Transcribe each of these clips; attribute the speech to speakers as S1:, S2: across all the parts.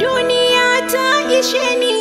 S1: duniya ta ishe ni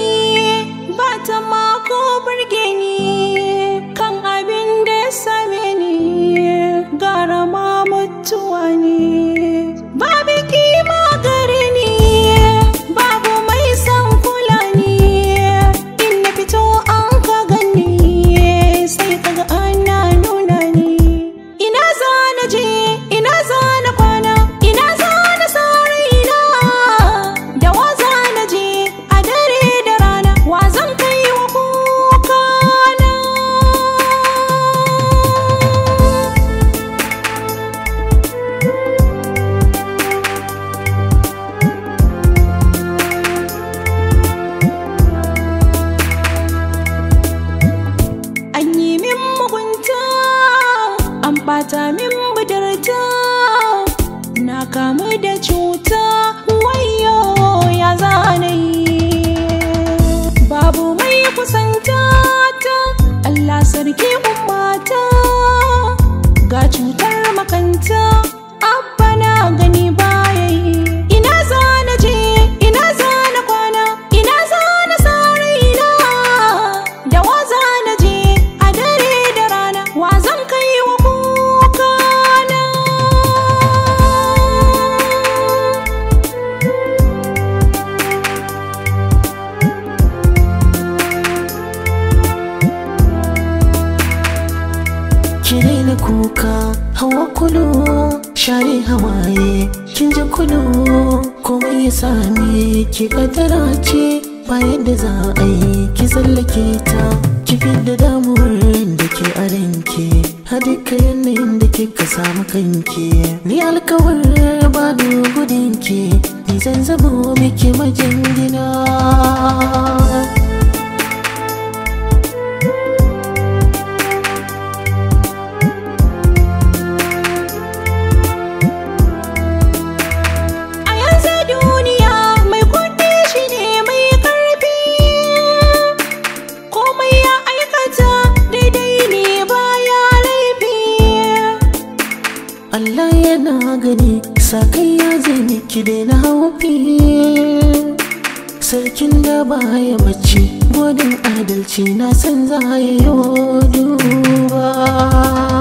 S1: bata min budurta na kamu da cuta wayo ya zanayi babu mai kusanta ta Allah sarki ummata ga cutar makanta
S2: ki na kuka hawa kulu share hawaye kin ji kulu komai ya sami ki kadara ce bayan da za a yi ki tsallake ta ki da damuwar da ke a ranke har duka yanayin da kika samu kanki ni alkawar ba da gudunki ni zan zama miki gina. sa kai ya je miki na haufi sarkin da baya bacci godin adalci na san za ya yi duba